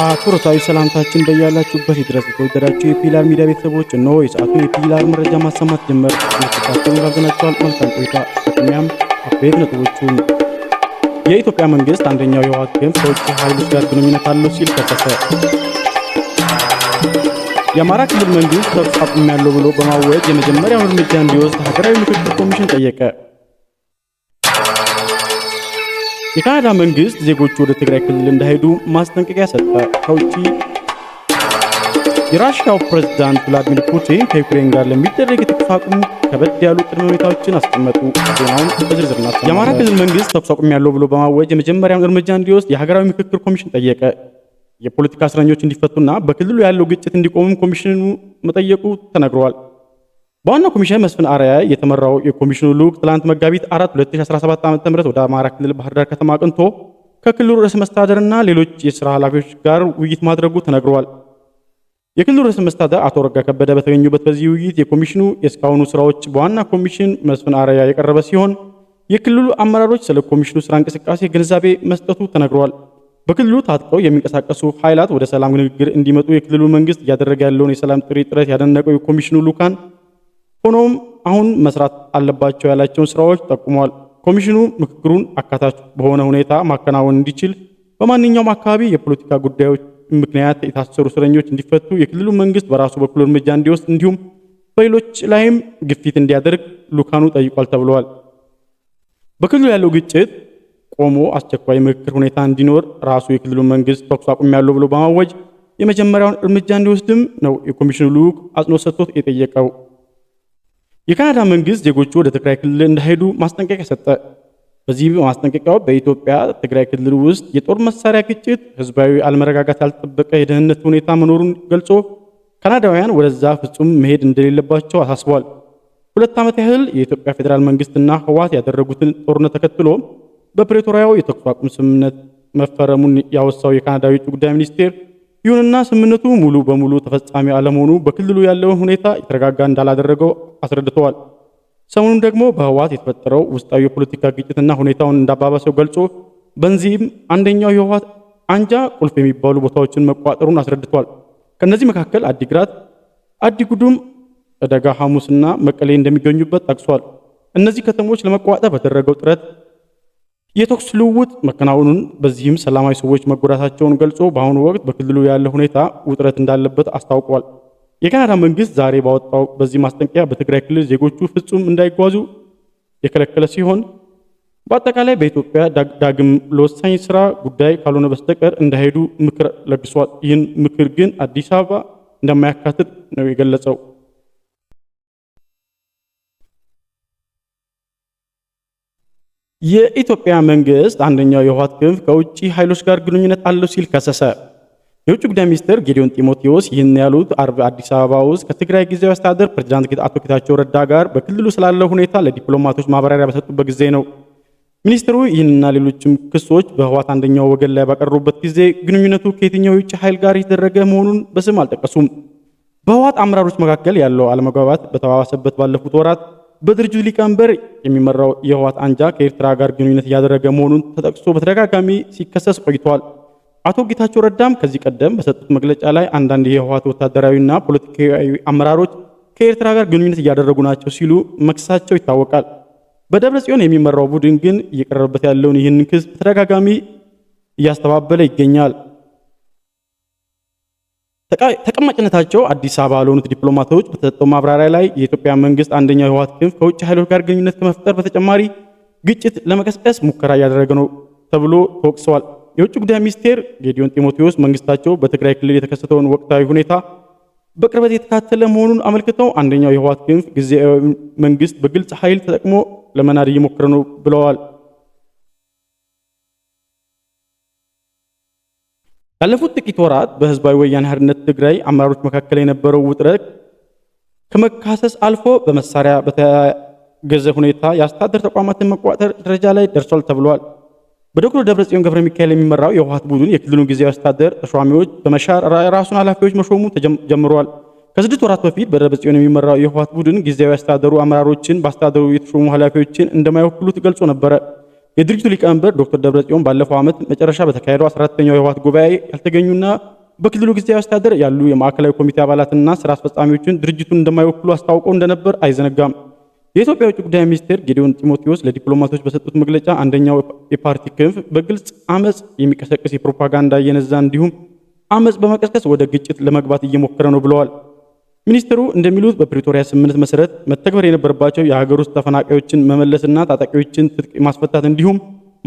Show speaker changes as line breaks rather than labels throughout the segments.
አክብሮታዊ ሰላምታችን በያላችሁበት ይድረስ። የተወደዳችሁ የፒላር ሚዲያ ቤተሰቦች እነሆ የሰዓቱ የፒላር መረጃ ማሰማት ጀመር ማስታቸውን ጋብዘናችኋል። መልካም ቆይታ። ቅድሚያም አበይት ነጥቦቹን የኢትዮጵያ መንግስት አንደኛው የህወሓት ክንፍ ከውጭ ኃይሎች ጋር ግንኙነት አለው ሲል ከሰሰ። የአማራ ክልል መንግስት ተኩስ ያለው ብሎ በማወጅ የመጀመሪያውን እርምጃ እንዲወስድ ሀገራዊ ምክክር ኮሚሽን ጠየቀ። የካናዳ መንግስት ዜጎቹ ወደ ትግራይ ክልል እንዳይሄዱ ማስጠንቀቂያ ሰጠ። ከውጪ የራሽያው ፕሬዝዳንት ቭላዲሚር ፑቲን ከዩክሬን ጋር ለሚደረግ የተኩስ አቁም ከበድ ያሉ ቅድመ ሁኔታዎችን አስቀመጡ። ዜናውን በዝርዝር ናት። የአማራ ክልል መንግስት ተኩስ አቁም ያለው ብሎ በማወጅ የመጀመሪያውን እርምጃ እንዲወስድ የሀገራዊ ምክክር ኮሚሽን ጠየቀ። የፖለቲካ እስረኞች እንዲፈቱና በክልሉ ያለው ግጭት እንዲቆምም ኮሚሽኑ መጠየቁ ተነግረዋል። በዋና ኮሚሽነር መስፍን አርአያ የተመራው የኮሚሽኑ ልዑክ ትላንት መጋቢት 4 2017 ዓ.ም ወደ አማራ ክልል ባህር ዳር ከተማ አቅንቶ ከክልሉ ርዕሰ መስተዳደርና ሌሎች የሥራ ኃላፊዎች ጋር ውይይት ማድረጉ ተነግሯል። የክልሉ ርዕሰ መስተዳደር አቶ ረጋ ከበደ በተገኙበት በዚህ ውይይት የኮሚሽኑ የእስካሁኑ ስራዎች በዋና ኮሚሽን መስፍን አርአያ የቀረበ ሲሆን የክልሉ አመራሮች ስለ ኮሚሽኑ ስራ እንቅስቃሴ ግንዛቤ መስጠቱ ተነግሯል። በክልሉ ታጥቀው የሚንቀሳቀሱ ኃይላት ወደ ሰላም ንግግር እንዲመጡ የክልሉ መንግስት እያደረገ ያለውን የሰላም ጥሪ ጥረት ያደነቀው የኮሚሽኑ ልዑካን ሆኖም አሁን መስራት አለባቸው ያላቸውን ስራዎች ጠቁመዋል። ኮሚሽኑ ምክክሩን አካታች በሆነ ሁኔታ ማከናወን እንዲችል በማንኛውም አካባቢ የፖለቲካ ጉዳዮች ምክንያት የታሰሩ እስረኞች እንዲፈቱ የክልሉ መንግስት በራሱ በኩል እርምጃ እንዲወስድ እንዲሁም በሌሎች ላይም ግፊት እንዲያደርግ ልኡካኑ ጠይቋል ተብለዋል። በክልሉ ያለው ግጭት ቆሞ አስቸኳይ ምክክር ሁኔታ እንዲኖር ራሱ የክልሉ መንግስት ተኩስ አቁም ያለው ብሎ በማወጅ የመጀመሪያውን እርምጃ እንዲወስድም ነው የኮሚሽኑ ልኡክ አጽንኦት ሰጥቶት የጠየቀው። የካናዳ መንግስት ዜጎቹ ወደ ትግራይ ክልል እንዳይሄዱ ማስጠንቀቂያ ሰጠ። በዚህ ማስጠንቀቂያው በኢትዮጵያ ትግራይ ክልል ውስጥ የጦር መሳሪያ ግጭት፣ ህዝባዊ አለመረጋጋት፣ ያልጠበቀ የደህንነት ሁኔታ መኖሩን ገልጾ ካናዳውያን ወደዛ ፍጹም መሄድ እንደሌለባቸው አሳስቧል። ሁለት ዓመት ያህል የኢትዮጵያ ፌዴራል መንግስትና ህወሓት ያደረጉትን ጦርነት ተከትሎ በፕሬቶሪያው የተኩስ አቁም ስምምነት መፈረሙን ያወሳው የካናዳ የውጭ ጉዳይ ሚኒስቴር ይሁንና ስምምነቱ ሙሉ በሙሉ ተፈጻሚ አለመሆኑ በክልሉ ያለውን ሁኔታ የተረጋጋ እንዳላደረገው አስረድተዋል። ሰሞኑን ደግሞ በህወሓት የተፈጠረው ውስጣዊ የፖለቲካ ግጭትና ሁኔታውን እንዳባባሰው ገልጾ በዚህም አንደኛው የህወሓት አንጃ ቁልፍ የሚባሉ ቦታዎችን መቋጠሩን አስረድቷል። ከእነዚህ መካከል አዲግራት፣ አዲጉዱም፣ ዕደጋ ሐሙስና መቀሌ እንደሚገኙበት ጠቅሷል። እነዚህ ከተሞች ለመቋጠር በተደረገው ጥረት የተኩስ ልውውጥ መከናወኑን በዚህም ሰላማዊ ሰዎች መጎዳታቸውን ገልጾ በአሁኑ ወቅት በክልሉ ያለ ሁኔታ ውጥረት እንዳለበት አስታውቋል። የካናዳ መንግስት ዛሬ ባወጣው በዚህ ማስጠንቀቂያ በትግራይ ክልል ዜጎቹ ፍጹም እንዳይጓዙ የከለከለ ሲሆን በአጠቃላይ በኢትዮጵያ ዳግም ለወሳኝ ስራ ጉዳይ ካልሆነ በስተቀር እንዳይሄዱ ምክር ለግሷል። ይህን ምክር ግን አዲስ አበባ እንደማያካትት ነው የገለጸው። የኢትዮጵያ መንግስት አንደኛው የህወሓት ክንፍ ከውጭ ኃይሎች ጋር ግንኙነት አለው ሲል ከሰሰ። የውጭ ጉዳይ ሚኒስትር ጌዲዮን ጢሞቴዎስ ይህን ያሉት አርብ አዲስ አበባ ውስጥ ከትግራይ ጊዜያዊ አስተዳደር ፕሬዚዳንት አቶ ጌታቸው ረዳ ጋር በክልሉ ስላለው ሁኔታ ለዲፕሎማቶች ማብራሪያ በሰጡበት ጊዜ ነው። ሚኒስትሩ ይህንና ሌሎችም ክሶች በህወሓት አንደኛው ወገን ላይ ባቀረቡበት ጊዜ ግንኙነቱ ከየትኛው የውጭ ኃይል ጋር የተደረገ መሆኑን በስም አልጠቀሱም። በህወሓት አመራሮች መካከል ያለው አለመግባባት በተባባሰበት ባለፉት ወራት በድርጅቱ ሊቀመንበር የሚመራው የህወሓት አንጃ ከኤርትራ ጋር ግንኙነት እያደረገ መሆኑን ተጠቅሶ በተደጋጋሚ ሲከሰስ ቆይቷል። አቶ ጌታቸው ረዳም ከዚህ ቀደም በሰጡት መግለጫ ላይ አንዳንድ የህወሓት ወታደራዊና ፖለቲካዊ አመራሮች ከኤርትራ ጋር ግንኙነት እያደረጉ ናቸው ሲሉ መክሰሳቸው ይታወቃል። በደብረ ጽዮን የሚመራው ቡድን ግን እየቀረበበት ያለውን ይህንን ክስ በተደጋጋሚ እያስተባበለ ይገኛል። ተቀማጭነታቸው አዲስ አበባ ለሆኑት ዲፕሎማቶች በተሰጠው ማብራሪያ ላይ የኢትዮጵያ መንግስት አንደኛው የህወሓት ክንፍ ከውጭ ኃይሎች ጋር ግንኙነት ከመፍጠር በተጨማሪ ግጭት ለመቀስቀስ ሙከራ እያደረገ ነው ተብሎ ተወቅሰዋል። የውጭ ጉዳይ ሚኒስቴር ጌዲዮን ጢሞቴዎስ መንግስታቸው በትግራይ ክልል የተከሰተውን ወቅታዊ ሁኔታ በቅርበት የተካተለ መሆኑን አመልክተው አንደኛው የህወሓት ክንፍ ጊዜያዊ መንግስት በግልጽ ኃይል ተጠቅሞ ለመናድ እየሞከረ ነው ብለዋል። ካለፉት ጥቂት ወራት በህዝባዊ ወያነ ሓርነት ትግራይ አመራሮች መካከል የነበረው ውጥረት ከመካሰስ አልፎ በመሳሪያ በተያገዘ ሁኔታ የአስተዳደር ተቋማትን መቋጠር ደረጃ ላይ ደርሷል ተብሏል። በዶክተር ደብረጽዮን ገብረ ሚካኤል የሚመራው የህወሓት ቡድን የክልሉን ጊዜያዊ አስተዳደር ተሿሚዎች በመሻር የራሱን ኃላፊዎች መሾሙ ጀምሯል። ከስድስት ወራት በፊት በደብረጽዮን የሚመራው የህወሓት ቡድን ጊዜያዊ አስተዳደሩ አመራሮችን በአስተዳደሩ የተሾሙ ኃላፊዎችን እንደማይወክሉት ገልጾ ነበረ። የድርጅቱ ሊቀመንበር ዶክተር ደብረጽዮን ባለፈው ዓመት መጨረሻ በተካሄደው 14ኛው የህወሓት ጉባኤ ያልተገኙና በክልሉ ጊዜያዊ አስተዳደር ያሉ የማዕከላዊ ኮሚቴ አባላትና ስራ አስፈጻሚዎችን ድርጅቱን እንደማይወክሉ አስታውቀው እንደነበር አይዘነጋም። የኢትዮጵያ ውጭ ጉዳይ ሚኒስቴር ጌዲዮን ጢሞቴዎስ ለዲፕሎማቶች በሰጡት መግለጫ አንደኛው የፓርቲ ክንፍ በግልጽ አመፅ የሚቀሰቅስ የፕሮፓጋንዳ እየነዛ እንዲሁም አመፅ በመቀስቀስ ወደ ግጭት ለመግባት እየሞከረ ነው ብለዋል። ሚኒስትሩ እንደሚሉት በፕሪቶሪያ ስምምነት መሰረት መተግበር የነበረባቸው የሀገር ውስጥ ተፈናቃዮችን መመለስና ታጣቂዎችን ትጥቅ ማስፈታት እንዲሁም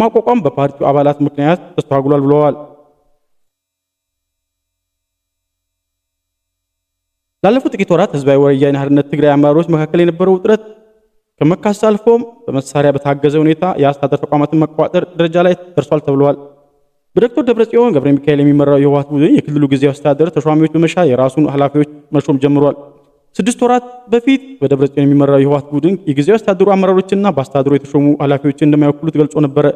ማቋቋም በፓርቲው አባላት ምክንያት ተስተጓጉሏል ብለዋል። ላለፉት ጥቂት ወራት ህዝባዊ ወያኔ ሓርነት ትግራይ አመራሮች መካከል የነበረው ውጥረት ከመካስ አልፎም በመሳሪያ በታገዘ ሁኔታ የአስተዳደር ተቋማትን መቋጠር ደረጃ ላይ ደርሷል ተብለዋል። በዶክተር ደብረጽዮን ገብረ ሚካኤል የሚመራው የህወሓት ቡድን የክልሉ ጊዜያዊ አስተዳደር ተሿሚዎች በመሻ የራሱን ኃላፊዎች መሾም ጀምሯል። ስድስት ወራት በፊት በደብረ ጽዮን የሚመራው የህወሓት ቡድን የጊዜያዊ አስተዳደሩ አመራሮችና በአስተዳደሩ የተሾሙ ኃላፊዎችን እንደማይወክሉት ገልጾ ነበረ።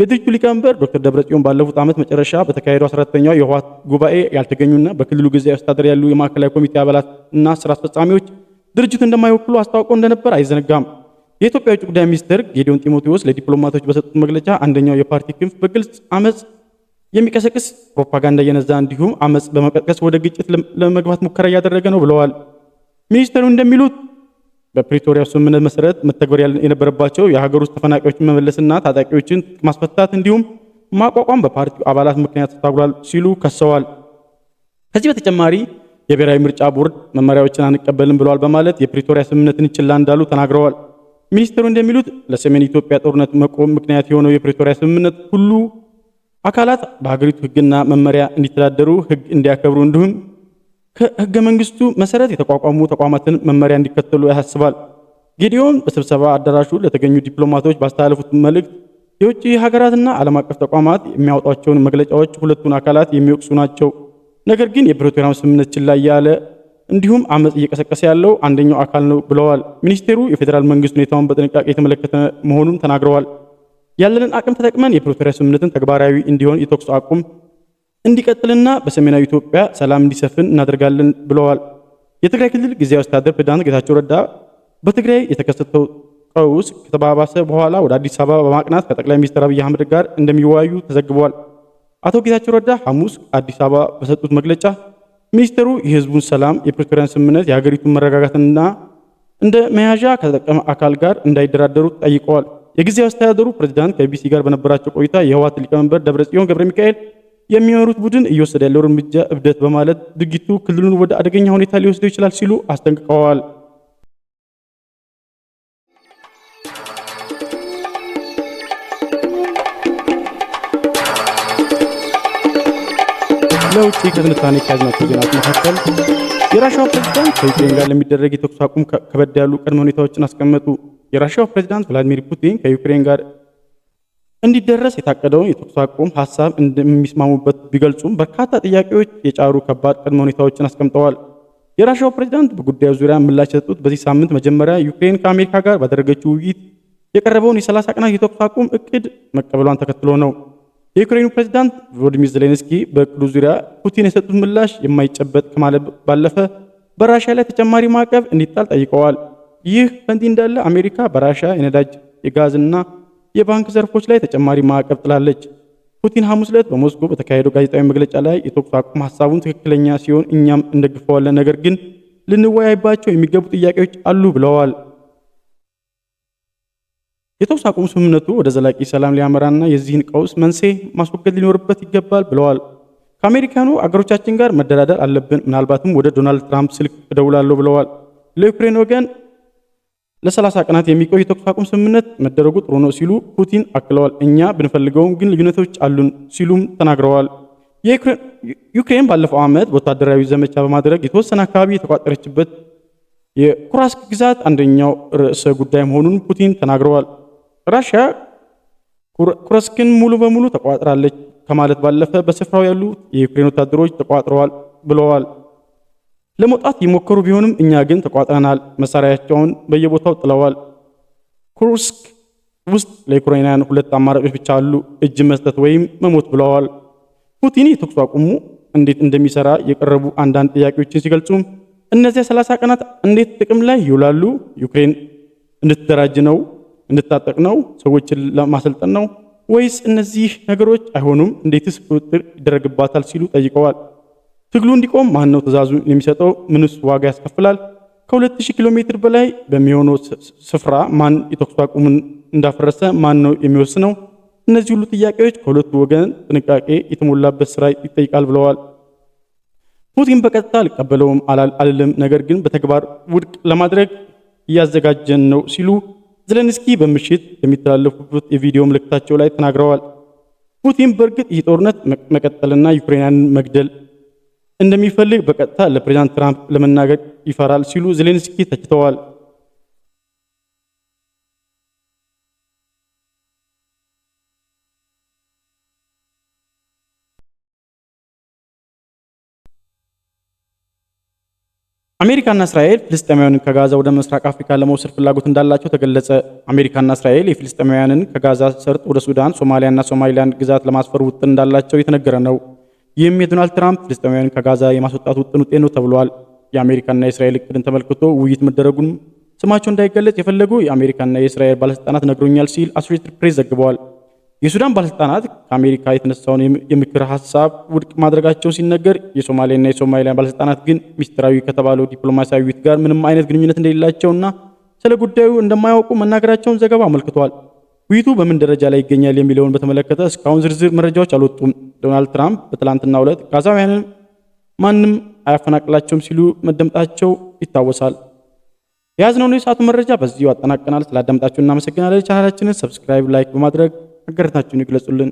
የድርጅቱ ሊቀመንበር ዶክተር ደብረጽዮን ባለፉት ዓመት መጨረሻ በተካሄደው ተኛው የህወሓት ጉባኤ ያልተገኙና በክልሉ ጊዜያዊ አስተዳደር ያሉ የማዕከላዊ ኮሚቴ አባላት እና ስራ አስፈጻሚዎች ድርጅቱ እንደማይወክሉ አስታውቀው እንደነበር አይዘነጋም። የኢትዮጵያ ውጭ ጉዳይ ሚኒስትር ጌዲዮን ጢሞቴዎስ ለዲፕሎማቶች በሰጡት መግለጫ አንደኛው የፓርቲ ክንፍ በግልጽ አመፅ የሚቀሰቅስ ፕሮፓጋንዳ እየነዛ እንዲሁም አመፅ በመቀጥቀስ ወደ ግጭት ለመግባት ሙከራ እያደረገ ነው ብለዋል። ሚኒስተሩ እንደሚሉት በፕሪቶሪያ ስምምነት መሰረት መተግበር የነበረባቸው የሀገር ውስጥ ተፈናቃዮችን መመለስና ታጣቂዎችን ማስፈታት እንዲሁም ማቋቋም በፓርቲው አባላት ምክንያት ተታግሏል ሲሉ ከሰዋል። ከዚህ በተጨማሪ የብሔራዊ ምርጫ ቦርድ መመሪያዎችን አንቀበልም ብለዋል በማለት የፕሪቶሪያ ስምምነትን ችላ እንዳሉ ተናግረዋል። ሚኒስትሩ እንደሚሉት ለሰሜን ኢትዮጵያ ጦርነት መቆም ምክንያት የሆነው የፕሪቶሪያ ስምምነት ሁሉ አካላት በሀገሪቱ ህግና መመሪያ እንዲተዳደሩ፣ ህግ እንዲያከብሩ እንዲሁም ከህገ መንግስቱ መሰረት የተቋቋሙ ተቋማትን መመሪያ እንዲከተሉ ያሳስባል። ጌዲዮን በስብሰባ አዳራሹ ለተገኙ ዲፕሎማቶች ባስተላለፉት መልእክት የውጭ ሀገራትና ዓለም አቀፍ ተቋማት የሚያወጧቸውን መግለጫዎች ሁለቱን አካላት የሚወቅሱ ናቸው። ነገር ግን የፕሪቶሪያው ስምምነት ችላ እያለ እንዲሁም አመፅ እየቀሰቀሰ ያለው አንደኛው አካል ነው ብለዋል። ሚኒስቴሩ የፌዴራል መንግስት ሁኔታውን በጥንቃቄ የተመለከተ መሆኑን ተናግረዋል። ያለንን አቅም ተጠቅመን የፕሪቶሪያ ስምምነትን ተግባራዊ እንዲሆን የተኩስ አቁም እንዲቀጥልና በሰሜናዊ ኢትዮጵያ ሰላም እንዲሰፍን እናደርጋለን ብለዋል። የትግራይ ክልል ጊዜያዊ አስተዳደር ፕሬዝዳንት ጌታቸው ረዳ በትግራይ የተከሰተው ቀውስ ከተባባሰ በኋላ ወደ አዲስ አበባ በማቅናት ከጠቅላይ ሚኒስትር አብይ አህመድ ጋር እንደሚወያዩ ተዘግበዋል። አቶ ጌታቸው ረዳ ሐሙስ አዲስ አበባ በሰጡት መግለጫ ሚኒስትሩ የህዝቡን ሰላም፣ የፕሪቶሪያን ስምምነት፣ የሀገሪቱን መረጋጋትና እንደ መያዣ ከተጠቀመ አካል ጋር እንዳይደራደሩ ጠይቀዋል። የጊዜያዊ አስተዳደሩ ፕሬዝዳንት ከቢሲ ጋር በነበራቸው ቆይታ የህወሓት ሊቀመንበር ደብረጽዮን ገብረ ሚካኤል የሚመሩት ቡድን እየወሰደ ያለው እርምጃ እብደት በማለት ድርጊቱ ክልሉን ወደ አደገኛ ሁኔታ ሊወስደው ይችላል ሲሉ አስጠንቅቀዋል።
ለውጭ ከትንታኔ ከያዝናቸው ዜናዎች መካከል የራሻው ፕሬዝዳንት ከዩክሬን ጋር ለሚደረግ የተኩስ አቁም ከበድ ያሉ ቅድመ ሁኔታዎችን አስቀመጡ። የራሽያው ፕሬዚዳንት ቭላዲሚር ፑቲን ከዩክሬን ጋር እንዲደረስ የታቀደውን የተኩስ አቁም ሀሳብ እንደሚስማሙበት ቢገልጹም በርካታ ጥያቄዎች የጫሩ ከባድ ቅድመ ሁኔታዎችን አስቀምጠዋል። የራሽያው ፕሬዚዳንት በጉዳዩ ዙሪያ ምላሽ የሰጡት በዚህ ሳምንት መጀመሪያ ዩክሬን ከአሜሪካ ጋር ባደረገችው ውይይት የቀረበውን የ30 ቀናት የተኩስ አቁም እቅድ መቀበሏን ተከትሎ ነው። የዩክሬኑ ፕሬዚዳንት ቮሎዲሚር ዜሌንስኪ በእቅዱ ዙሪያ ፑቲን የሰጡት ምላሽ የማይጨበጥ ከማለት ባለፈ በራሽያ ላይ ተጨማሪ ማዕቀብ እንዲጣል ጠይቀዋል። ይህ በእንዲህ እንዳለ አሜሪካ በራሻ የነዳጅ የጋዝና የባንክ ዘርፎች ላይ ተጨማሪ ማዕቀብ ጥላለች። ፑቲን ሐሙስ ዕለት በሞስኮ በተካሄደው ጋዜጣዊ መግለጫ ላይ የተኩስ አቁም ሐሳቡን ትክክለኛ ሲሆን እኛም እንደግፈዋለን፣ ነገር ግን ልንወያይባቸው የሚገቡ ጥያቄዎች አሉ ብለዋል። የተኩስ አቁም ስምምነቱ ወደ ዘላቂ ሰላም ሊያመራና የዚህን ቀውስ መንስኤ ማስወገድ ሊኖርበት ይገባል ብለዋል። ከአሜሪካኑ አገሮቻችን ጋር መደራደር አለብን፣ ምናልባትም ወደ ዶናልድ ትራምፕ ስልክ እደውላለሁ ብለዋል። ለዩክሬን ወገን ለሰላሳ ቀናት የሚቆይ የተኩስ አቁም ስምምነት መደረጉ ጥሩ ነው ሲሉ ፑቲን አክለዋል። እኛ ብንፈልገውም ግን ልዩነቶች አሉን ሲሉም ተናግረዋል። ዩክሬን ባለፈው ዓመት በወታደራዊ ዘመቻ በማድረግ የተወሰነ አካባቢ የተቋጠረችበት የኩራስክ ግዛት አንደኛው ርዕሰ ጉዳይ መሆኑን ፑቲን ተናግረዋል። ራሽያ ኩረስክን ሙሉ በሙሉ ተቋጥራለች ከማለት ባለፈ በስፍራው ያሉ የዩክሬን ወታደሮች ተቋጥረዋል ብለዋል። ለመውጣት የሞከሩ ቢሆንም እኛ ግን ተቋጥረናል። መሳሪያቸውን በየቦታው ጥለዋል። ኩርስክ ውስጥ ለዩክራይናውያን ሁለት አማራጮች ብቻ አሉ፣ እጅ መስጠት ወይም መሞት ብለዋል። ፑቲን የተኩስ አቁሙ እንዴት እንደሚሰራ የቀረቡ አንዳንድ ጥያቄዎችን ሲገልጹ እነዚያ 30 ቀናት እንዴት ጥቅም ላይ ይውላሉ? ዩክሬን እንድትደራጅ ነው? እንድታጠቅ ነው? ሰዎችን ለማሰልጠን ነው? ወይስ እነዚህ ነገሮች አይሆኑም? እንዴትስ ቁጥጥር ይደረግባታል? ሲሉ ጠይቀዋል። ትግሉ እንዲቆም ማን ነው ትዕዛዙን የሚሰጠው? ምንስ ዋጋ ያስከፍላል? ከ2000 ኪሎ ሜትር በላይ በሚሆነው ስፍራ ማን የተኩስ አቁሙን እንዳፈረሰ ማን ነው የሚወስነው? እነዚህ ሁሉ ጥያቄዎች ከሁለቱ ወገን ጥንቃቄ የተሞላበት ስራ ይጠይቃል ብለዋል። ፑቲን በቀጥታ አልቀበለውም አልልም፣ ነገር ግን በተግባር ውድቅ ለማድረግ እያዘጋጀን ነው ሲሉ ዘለንስኪ በምሽት በሚተላለፉበት የቪዲዮ ምልክታቸው ላይ ተናግረዋል። ፑቲን በእርግጥ ይህ ጦርነት መቀጠልና ዩክሬናንን መግደል እንደሚፈልግ በቀጥታ ለፕሬዚዳንት ትራምፕ ለመናገር ይፈራል ሲሉ ዜሌንስኪ ተችተዋል።
አሜሪካና እስራኤል ፍልስጤማውያንን ከጋዛ ወደ ምስራቅ አፍሪካ ለመውሰድ ፍላጎት እንዳላቸው ተገለጸ። አሜሪካና እስራኤል የፍልስጤማውያንን ከጋዛ ሰርጥ ወደ ሱዳን፣ ሶማሊያና ሶማሊላንድ ግዛት ለማስፈር ውጥን እንዳላቸው የተነገረ ነው። ይህም የዶናልድ ትራምፕ ፍልስጤማውያን ከጋዛ የማስወጣት ውጥን ውጤት ነው ተብሏል። የአሜሪካና የእስራኤል እቅድን ተመልክቶ ውይይት መደረጉን ስማቸው እንዳይገለጽ የፈለጉ የአሜሪካና የእስራኤል ባለስልጣናት ነግሮኛል ሲል አሶሼትድ ፕሬስ ዘግበዋል። የሱዳን ባለስልጣናት ከአሜሪካ የተነሳውን የምክር ሀሳብ ውድቅ ማድረጋቸው ሲነገር፣ የሶማሊያና የሶማሊያን ባለስልጣናት ግን ምስጢራዊ ከተባለው ዲፕሎማሲያዊ ውይይት ጋር ምንም አይነት ግንኙነት እንደሌላቸውና ስለ ጉዳዩ እንደማያውቁ መናገራቸውን ዘገባ አመልክቷል። ውይይቱ በምን ደረጃ ላይ ይገኛል የሚለውን በተመለከተ እስካሁን ዝርዝር መረጃዎች አልወጡም። ዶናልድ ትራምፕ በትላንትናው ዕለት ጋዛውያንን ማንም አያፈናቅላቸውም ሲሉ መደምጣቸው ይታወሳል። የያዝነውን የሰዓቱ መረጃ በዚሁ አጠናቀናል። ስላዳምጣችሁ እናመሰግናለን። ቻናላችንን ሰብስክራይብ፣ ላይክ በማድረግ አጋርነታችሁን ይግለጹልን።